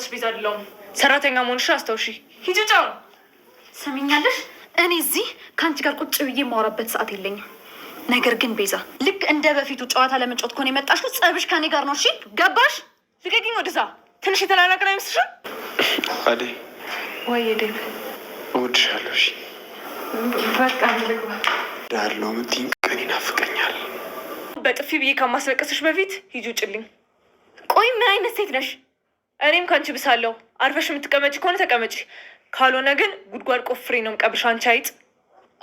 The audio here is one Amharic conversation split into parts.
የራስሽ ቤት አይደለሁም። ሰራተኛ መሆንሽ አስታውሺ። ሂጂ ጫው። ሰሚኛለሽ? እኔ እዚህ ከአንቺ ጋር ቁጭ ብዬ የማወራበት ሰዓት የለኝም። ነገር ግን ቤዛ፣ ልክ እንደ በፊቱ ጨዋታ ለመጫወት ከሆነ የመጣሽ ጸብሽ ከኔ ጋር ነው። እሺ ገባሽ? ልቀቂኝ። ወደዛ ትንሽ የተላላቅን አይመስልሽም? አዴ ወይ ዴብ እወድሻለሁ። እሺ በቃ ልግባ። ዳለው ምትኝ ቀን ይናፍቀኛል። በጥፊ ብዬ ከማስለቀስሽ በፊት ሂጂ ውጭልኝ። ቆይ ምን አይነት ሴት ነሽ? እኔም ከአንቺ ብሳለሁ። አርፈሽ የምትቀመጭ ከሆነ ተቀመጭ፣ ካልሆነ ግን ጉድጓድ ቆፍሬ ነው የምቀብርሽ። አንቺ አይጥ!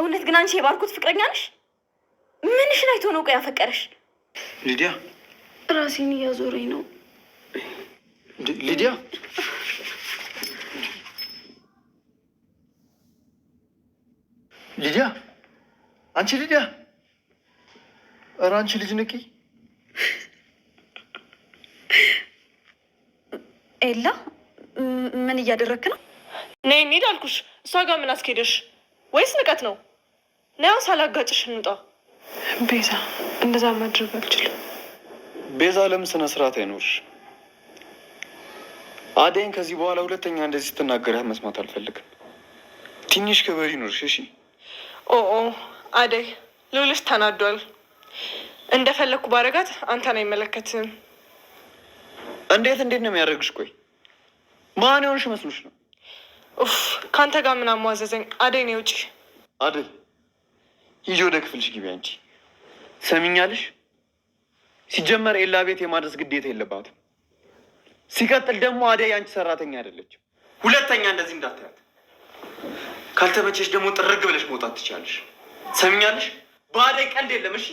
እውነት ግን አንቺ የባርኮት ፍቅረኛ ነሽ? ምንሽን አይቶ ነው ቆይ ያፈቀረሽ? ሊዲያ፣ ራሴን እያዞረኝ ነው ሊዲያ። ሊዲያ፣ አንቺ ሊዲያ! ኧረ አንቺ ልጅ ንቂ ኤላ ምን እያደረክ ነው? ነይ እንሂድ አልኩሽ። እሷ ጋር ምን አስኬደሽ? ወይስ ንቀት ነው? ናያው ሳላጋጭሽ እንውጣ። ቤዛ እንደዛ ማድረግ አልችልም። ቤዛ ለምን ስነ ስርዓት አይኖርሽ? አደይን ከዚህ በኋላ ሁለተኛ እንደዚህ ስትናገሪያት መስማት አልፈልግም። ትንሽ ክብር ይኖርሽ እሺ። ኦ አደይ ልውልሽ ተናዷል። እንደፈለግኩ ባረጋት አንተን አይመለከትም። እንዴት እንዴት ነው የሚያደርግሽ? ቆይ ማን የሆንሽ መስሎሽ ነው? ኡፍ ከአንተ ጋር ምን አሟዘዘኝ? አደይ ነው ውጭ። አደይ ይዤ ወደ ክፍልሽ ግቢ። አንቺ ሰሚኛለሽ? ሲጀመር ኤላ ቤት የማድረስ ግዴታ የለባትም። ሲቀጥል ደግሞ አደይ አንቺ ሰራተኛ አይደለችም። ሁለተኛ እንደዚህ እንዳታያት። ካልተመቸሽ ደግሞ ጥርግ ብለሽ መውጣት ትችላለሽ። ሰሚኛለሽ? በአደይ ቀልድ የለም። እሺ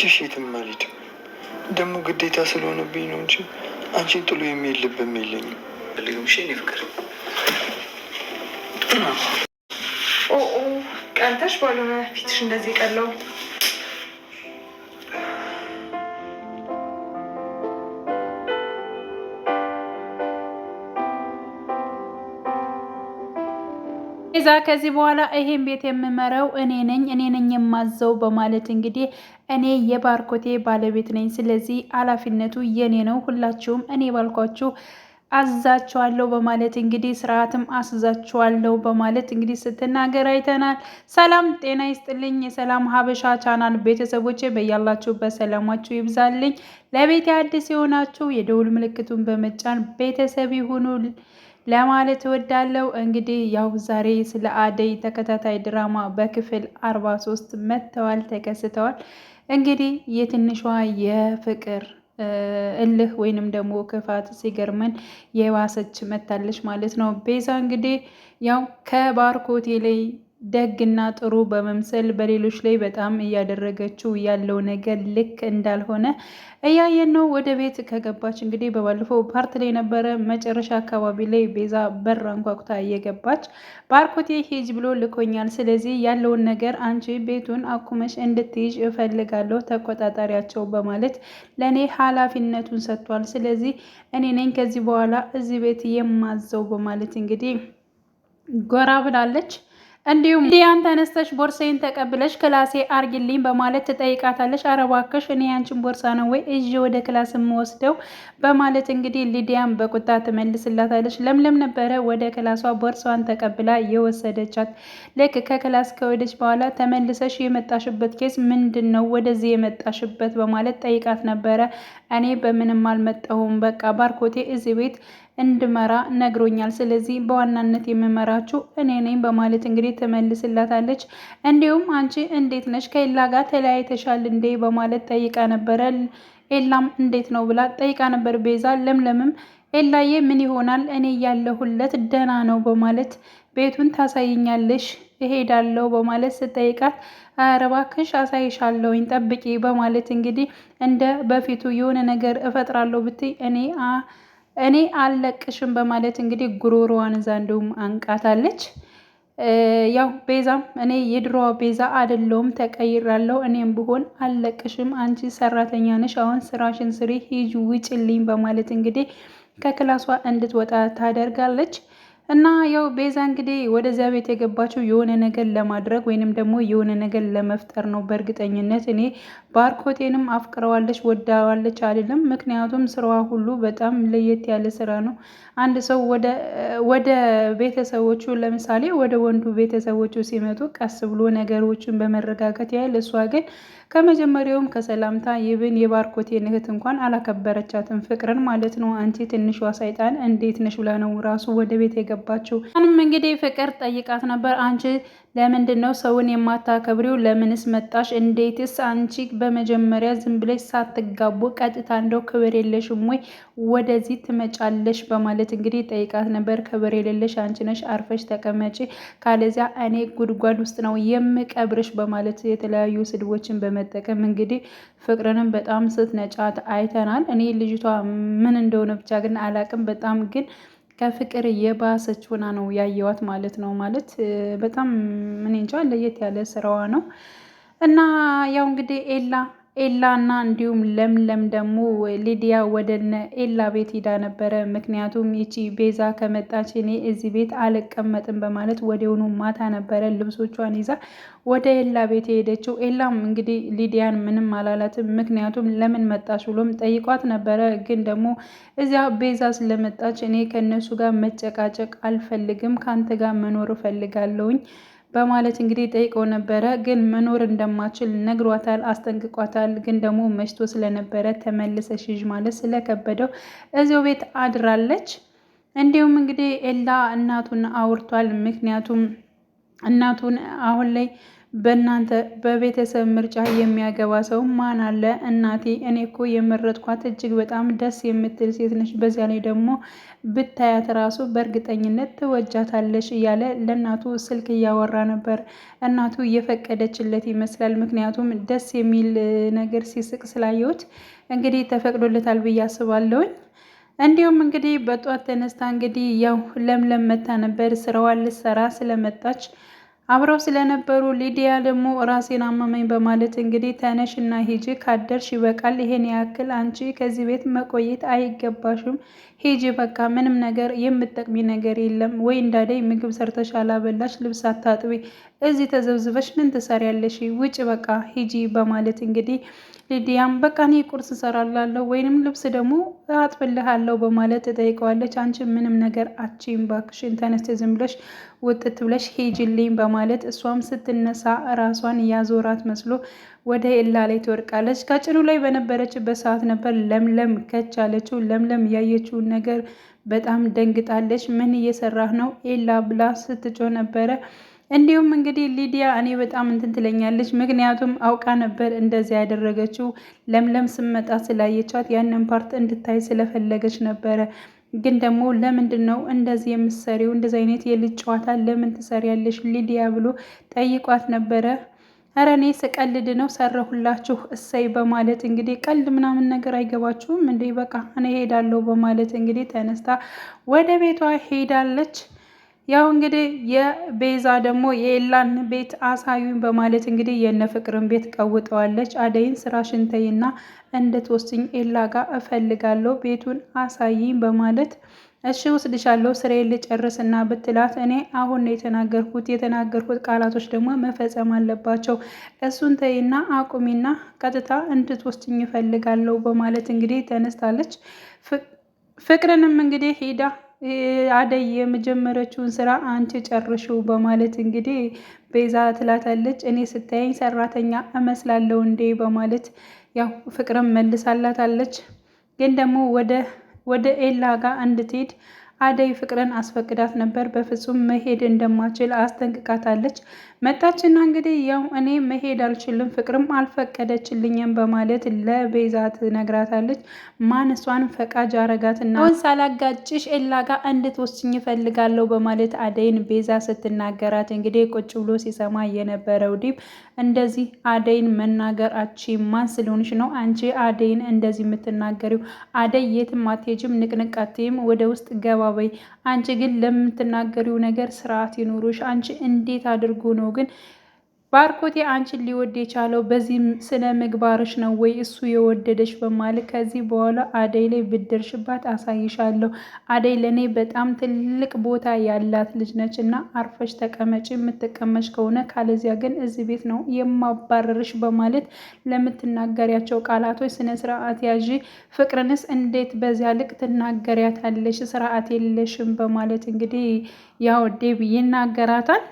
ችሽትም አልሄድም ደግሞ ግዴታ ስለሆነብኝ ነው እንጂ አንቺን ጥሎ የሚሄድ ልብም የለኝም። ልዩም ሽ እኔ ፍቅር ቀንተሽ ባልሆነ ፊትሽ እንደዚህ ቀለው ቤዛ ከዚህ በኋላ ይሄን ቤት የምመራው እኔ ነኝ፣ እኔ ነኝ የማዘው በማለት እንግዲህ እኔ የባርኮቴ ባለቤት ነኝ፣ ስለዚህ ኃላፊነቱ የኔ ነው፣ ሁላችሁም እኔ ባልኳችሁ አዛችኋለሁ በማለት እንግዲህ ስርዓትም አስዛችኋለሁ በማለት እንግዲህ ስትናገር አይተናል። ሰላም ጤና ይስጥልኝ። የሰላም ሀበሻ ቻናል ቤተሰቦች በያላችሁበት ሰላማችሁ ይብዛልኝ። ለቤት አዲስ የሆናችሁ የደውል ምልክቱን በመጫን ቤተሰብ ይሁኑል። ለማለት እወዳለሁ። እንግዲህ ያው ዛሬ ስለ አደይ ተከታታይ ድራማ በክፍል 43 ሶስት መጥተዋል ተከስተዋል። እንግዲህ የትንሿ የፍቅር እልህ ወይንም ደግሞ ክፋት ሲገርመን የባሰች መታለች ማለት ነው። ቤዛ እንግዲህ ያው ከባርኮቴ ላይ ደግና ጥሩ በመምሰል በሌሎች ላይ በጣም እያደረገችው ያለው ነገር ልክ እንዳልሆነ እያየን ነው። ወደ ቤት ከገባች እንግዲህ በባለፈው ፓርት ላይ ነበረ መጨረሻ አካባቢ ላይ ቤዛ በር አንኳኩታ እየገባች ባርኮቴ ሂጅ ብሎ ልኮኛል፣ ስለዚህ ያለውን ነገር አንቺ ቤቱን አኩመሽ እንድትይዥ እፈልጋለሁ፣ ተቆጣጣሪያቸው በማለት ለእኔ ኃላፊነቱን ሰጥቷል። ስለዚህ እኔ ነኝ ከዚህ በኋላ እዚህ ቤት የማዘው በማለት እንግዲህ ጎራ ብላለች። እንዲሁም ሊዲያን ተነስተሽ ቦርሳዬን ተቀብለሽ ክላሴ አርግልኝ በማለት ትጠይቃታለች። አረ እባክሽ እኔ ያንቺን ቦርሳ ነው ወይ እዥ ወደ ክላስ የምወስደው በማለት እንግዲህ ሊዲያን በቁጣ ትመልስላታለች። ለምለም ነበረ ወደ ክላሷ ቦርሳዋን ተቀብላ የወሰደቻት። ልክ ከክላስ ከወደች በኋላ ተመልሰሽ የመጣሽበት ኬስ ምንድን ነው ወደዚህ የመጣሽበት በማለት ጠይቃት ነበረ። እኔ በምንም አልመጣሁም፣ በቃ ባርኮቴ እዚህ ቤት እንድመራ ነግሮኛል። ስለዚህ በዋናነት የምመራችሁ እኔ ነኝ በማለት እንግዲህ ትመልስላታለች። እንዲሁም አንቺ እንዴት ነሽ ከኤላ ጋር ተለያይተሻል እንዴ በማለት ጠይቃ ነበረ። ኤላም እንዴት ነው ብላ ጠይቃ ነበር። ቤዛ ለምለምም ኤላዬ ምን ይሆናል እኔ ያለሁለት ደህና ነው በማለት ቤቱን ታሳይኛለሽ እሄዳለሁ በማለት ስጠይቃት ኧረ እባክሽ አሳይሻለሁኝ ጠብቂ በማለት እንግዲህ እንደ በፊቱ የሆነ ነገር እፈጥራለሁ ብትይ እኔ እኔ አለቅሽም በማለት እንግዲህ ጉሮሮዋን እዛ እንደውም አንቃታለች። ያው ቤዛም እኔ የድሮዋ ቤዛ አይደለሁም ተቀይራለሁ፣ እኔም ብሆን አለቅሽም፣ አንቺ ሰራተኛ ነሽ፣ አሁን ስራሽን ስሪ፣ ሂጂ፣ ውጭልኝ በማለት እንግዲህ ከክላሷ እንድትወጣ ታደርጋለች። እና ያው ቤዛ እንግዲህ ወደዚያ ቤት የገባችው የሆነ ነገር ለማድረግ ወይንም ደግሞ የሆነ ነገር ለመፍጠር ነው። በእርግጠኝነት እኔ ባርኮቴንም አፍቅረዋለች ወዳዋለች አይደለም። ምክንያቱም ስራዋ ሁሉ በጣም ለየት ያለ ስራ ነው። አንድ ሰው ወደ ቤተሰቦቹ ለምሳሌ ወደ ወንዱ ቤተሰቦቹ ሲመጡ ቀስ ብሎ ነገሮችን በመረጋጋት ያህል እሷ ግን ከመጀመሪያውም ከሰላምታ ይብን የባርኮቴ እህት እንኳን አላከበረቻትም፣ ፍቅርን ማለት ነው። አንቺ ትንሿ ሰይጣን እንዴት ነሽ ብላ ነው ራሱ ወደ ቤት የገባችው። አንም እንግዲህ ፍቅር ጠይቃት ነበር። አንቺ ለምንድን ነው ሰውን የማታከብሪው? ለምንስ መጣሽ? እንዴትስ አንቺ በመጀመሪያ ዝም ብለሽ ሳትጋቡ ቀጥታ እንደው ክብር የለሽም ወይ ወደዚህ ትመጫለሽ? በማለት እንግዲህ ጠይቃት ነበር። ክብር የሌለሽ አንቺ ነሽ፣ አርፈሽ ተቀመጪ፣ ካለዚያ እኔ ጉድጓድ ውስጥ ነው የምቀብርሽ በማለት የተለያዩ ስድቦችን በመ በመጠቀም እንግዲህ ፍቅርንም በጣም ስትነጫት አይተናል። እኔ ልጅቷ ምን እንደሆነ ብቻ ግን አላቅም። በጣም ግን ከፍቅር የባሰች ሆና ነው ያየዋት ማለት ነው። ማለት በጣም ምን እንጃ ለየት ያለ ስራዋ ነው እና ያው እንግዲህ ኤላ ኤላና እንዲሁም ለምለም ደግሞ ሊዲያ ወደነ ኤላ ቤት ሂዳ ነበረ። ምክንያቱም ይቺ ቤዛ ከመጣች እኔ እዚህ ቤት አልቀመጥም በማለት ወዲያውኑ ማታ ነበረ ልብሶቿን ይዛ ወደ ኤላ ቤት የሄደችው። ኤላም እንግዲህ ሊዲያን ምንም አላላትም። ምክንያቱም ለምን መጣች ብሎም ጠይቋት ነበረ። ግን ደግሞ እዚያ ቤዛ ስለመጣች እኔ ከእነሱ ጋር መጨቃጨቅ አልፈልግም፣ ከአንተ ጋር መኖር እፈልጋለሁኝ በማለት እንግዲህ ጠይቀው ነበረ። ግን መኖር እንደማችል ነግሯታል፣ አስጠንቅቋታል። ግን ደግሞ መሽቶ ስለነበረ ተመልሰሽ ሂጂ ማለት ስለከበደው እዚው ቤት አድራለች። እንዲሁም እንግዲህ ኤላ እናቱን አውርቷል። ምክንያቱም እናቱን አሁን ላይ በእናንተ በቤተሰብ ምርጫ የሚያገባ ሰው ማን አለ? እናቴ እኔ እኮ የመረጥኳት እጅግ በጣም ደስ የምትል ሴት ነች። በዚያ ላይ ደግሞ ብታያት ራሱ በእርግጠኝነት ትወጃታለሽ እያለ ለእናቱ ስልክ እያወራ ነበር። እናቱ እየፈቀደችለት ይመስላል። ምክንያቱም ደስ የሚል ነገር ሲስቅ ስላየሁት እንግዲህ ተፈቅዶለታል ብዬ አስባለሁኝ። እንዲሁም እንግዲህ በጧት ተነስታ እንግዲህ ያው ለምለም መታ ነበር ስራዋን ልትሰራ ስለመጣች አብረው ስለነበሩ ሊዲያ ደግሞ ራሴን አመመኝ በማለት እንግዲህ ተነሽ እና ሂጂ ካደርሽ ይበቃል፣ ይሄን ያክል አንቺ ከዚህ ቤት መቆየት አይገባሽም፣ ሂጂ በቃ ምንም ነገር የምጠቅሚ ነገር የለም ወይ እንዳደይ ምግብ ሰርተሽ አላበላሽ፣ ልብስ አታጥቢ፣ እዚህ ተዘብዝበሽ ምን ትሰሪያለሽ? ውጭ በቃ ሂጂ በማለት እንግዲህ ሊዲያም በቃ እኔ ቁርስ እሰራላለሁ ወይንም ልብስ ደግሞ አጥብልሃለሁ በማለት ትጠይቀዋለች። አንቺ ምንም ነገር አቺም ባክሽን ተነስተ ዝም ብለሽ ውጥት ብለሽ ሂጂልኝ በማለት እሷም ስትነሳ ራሷን ያዞራት መስሎ ወደ ኤላ ላይ ትወድቃለች። ከጭኑ ላይ በነበረችበት ሰዓት ነበር ለምለም ከች አለችው። ለምለም ያየችውን ነገር በጣም ደንግጣለች። ምን እየሰራህ ነው ኤላ ብላ ስትጮህ ነበረ። እንዲሁም እንግዲህ ሊዲያ እኔ በጣም እንትን ትለኛለች። ምክንያቱም አውቃ ነበር እንደዚያ ያደረገችው ለምለም ስመጣ ስላየቻት ያንን ፓርት እንድታይ ስለፈለገች ነበረ። ግን ደግሞ ለምንድን ነው እንደዚህ የምትሰሪው? እንደዚህ አይነት የልጅ ጨዋታ ለምን ትሰሪያለሽ ሊዲያ ብሎ ጠይቋት ነበረ። እረ እኔ ስቀልድ ነው ሰረሁላችሁ፣ እሰይ በማለት እንግዲህ ቀልድ ምናምን ነገር አይገባችሁም እንዴ? በቃ እኔ ሄዳለሁ በማለት እንግዲህ ተነስታ ወደ ቤቷ ሄዳለች። ያው እንግዲህ የቤዛ ደግሞ የኤላን ቤት አሳዩኝ በማለት እንግዲህ የነ ፍቅርን ቤት ቀውጠዋለች። አደይን ስራሽን ተይና እንድትወስኝ ኤላ ጋር እፈልጋለሁ ቤቱን አሳይኝ በማለት እሺ ወስድሻለሁ ስራዬን ልጨርስና ብትላት እኔ አሁን ነው የተናገርኩት የተናገርኩት ቃላቶች ደግሞ መፈጸም አለባቸው እሱን ተይና አቁሚና ቀጥታ እንድትወስድኝ እፈልጋለሁ በማለት እንግዲህ ተነስታለች። ፍቅርንም እንግዲህ ሂዳ አደይ የመጀመረችውን ስራ አንቺ ጨርሹ በማለት እንግዲህ ቤዛ ትላታለች። እኔ ስታየኝ ሰራተኛ እመስላለሁ እንዴ በማለት ያው ፍቅርም መልሳላታለች። ግን ደግሞ ወደ ኤላ ጋር እንድትሄድ አደይ ፍቅርን አስፈቅዳት ነበር። በፍጹም መሄድ እንደማችል አስጠንቅቃታለች። መጣችና እንግዲህ ያው እኔ መሄድ አልችልም፣ ፍቅርም አልፈቀደችልኝም በማለት ለቤዛ ትነግራታለች። ማን እሷን ፈቃጅ አረጋትና አሁን ሳላጋጭሽ ኤላ ጋር እንድትወስኝ እፈልጋለሁ በማለት አደይን ቤዛ ስትናገራት እንግዲህ ቁጭ ብሎ ሲሰማ የነበረው ዲብ እንደዚህ አደይን መናገር አቺ ማን ስለሆንሽ ነው አንቺ አደይን እንደዚህ የምትናገሪው? አደይ የትም አትሄጂም፣ ንቅንቅ አትይም፣ ወደ ውስጥ ገባ በይ። አንቺ ግን ለምትናገሪው ነገር ስርዓት ይኖሮሽ። አንቺ እንዴት አድርጎ ነው ግን ባርኮቴ አንቺን ሊወድ የቻለው በዚህ ስነ ምግባርሽ ነው ወይ እሱ የወደደሽ በማለት ከዚህ በኋላ አደይ ላይ ብደርሽባት አሳይሻለሁ። አደይ ለእኔ በጣም ትልቅ ቦታ ያላት ልጅ ነች እና አርፈሽ ተቀመጭ የምትቀመጭ ከሆነ ካለዚያ ግን እዚህ ቤት ነው የማባረርሽ በማለት ለምትናገሪያቸው ቃላቶች ስነ ስርዓት ያዥ። ፍቅርንስ እንዴት በዚያ ልቅ ትናገሪያታለሽ? ስርዓት የለሽም በማለት እንግዲህ ያው ዴብ ይናገራታል።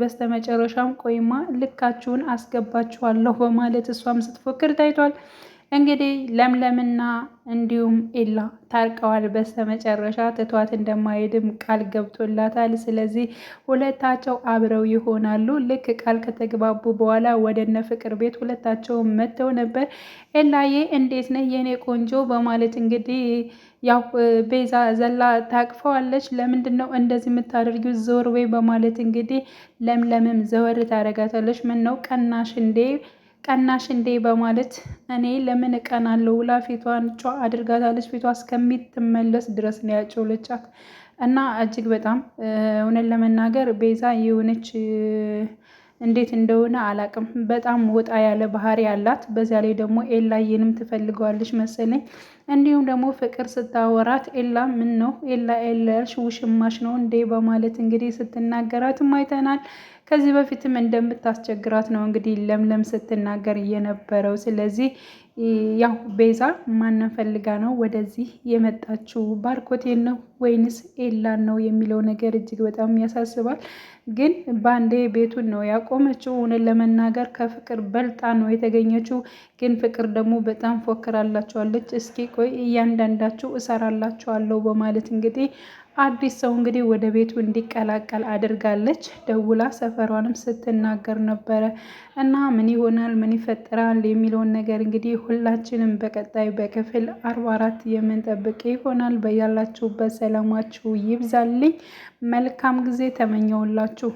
በስተመጨረሻም ቆይማ ልካችሁን አስገባችኋለሁ በማለት እሷም ስትፎክር ታይቷል። እንግዲህ ለምለምና እንዲሁም ኤላ ታርቀዋል። በስተመጨረሻ ትቷት እንደማይሄድም ቃል ገብቶላታል። ስለዚህ ሁለታቸው አብረው ይሆናሉ። ልክ ቃል ከተግባቡ በኋላ ወደነ ፍቅር ቤት ሁለታቸው መጥተው ነበር። ኤላዬ እንዴት ነህ የእኔ ቆንጆ በማለት እንግዲህ ያው ቤዛ ዘላ ታቅፈዋለች። ለምንድን ነው እንደዚህ የምታደርጊው? ዘወር በይ በማለት እንግዲህ ለምለምም ዘወር ታደርጋታለች። ምን ነው ቀናሽ እንዴ ቀናሽ እንዴ በማለት እኔ ለምን እቀናለሁ ብላ ፊቷን ጫ አድርጋታለች። ፊቷ እስከሚትመለስ ድረስ ነው ያጮለቻት እና እጅግ በጣም እውነት ለመናገር ቤዛ የሆነች እንዴት እንደሆነ አላቅም። በጣም ወጣ ያለ ባህሪ አላት። በዚያ ላይ ደግሞ ኤላዬንም ትፈልገዋለች መሰለኝ። እንዲሁም ደግሞ ፍቅር ስታወራት ኤላ ምን ነው ኤላ ኤላ ውሽማሽ ነው እንዴ በማለት እንግዲህ ስትናገራትም አይተናል። ከዚህ በፊትም እንደምታስቸግራት ነው እንግዲህ ለምለም ስትናገር የነበረው። ስለዚህ ያው ቤዛ ማንን ፈልጋ ነው ወደዚህ የመጣችው? ባርኮቴን ነው ወይንስ ኤላን ነው የሚለው ነገር እጅግ በጣም ያሳስባል። ግን በአንዴ ቤቱን ነው ያቆመችው። እውነት ለመናገር ከፍቅር በልጣ ነው የተገኘችው። ግን ፍቅር ደግሞ በጣም ፎክራላቸዋለች። እስኪ ቆይ እያንዳንዳችሁ እሰራላችኋለሁ በማለት እንግዲህ አዲስ ሰው እንግዲህ ወደ ቤቱ እንዲቀላቀል አድርጋለች። ደውላ ሰፈሯንም ስትናገር ነበረ እና ምን ይሆናል ምን ይፈጠራል የሚለውን ነገር እንግዲህ ሁላችንም በቀጣይ በክፍል አርባ አራት የምንጠብቅ ይሆናል። በያላችሁበት ሰላማችሁ ይብዛልኝ። መልካም ጊዜ ተመኘውላችሁ።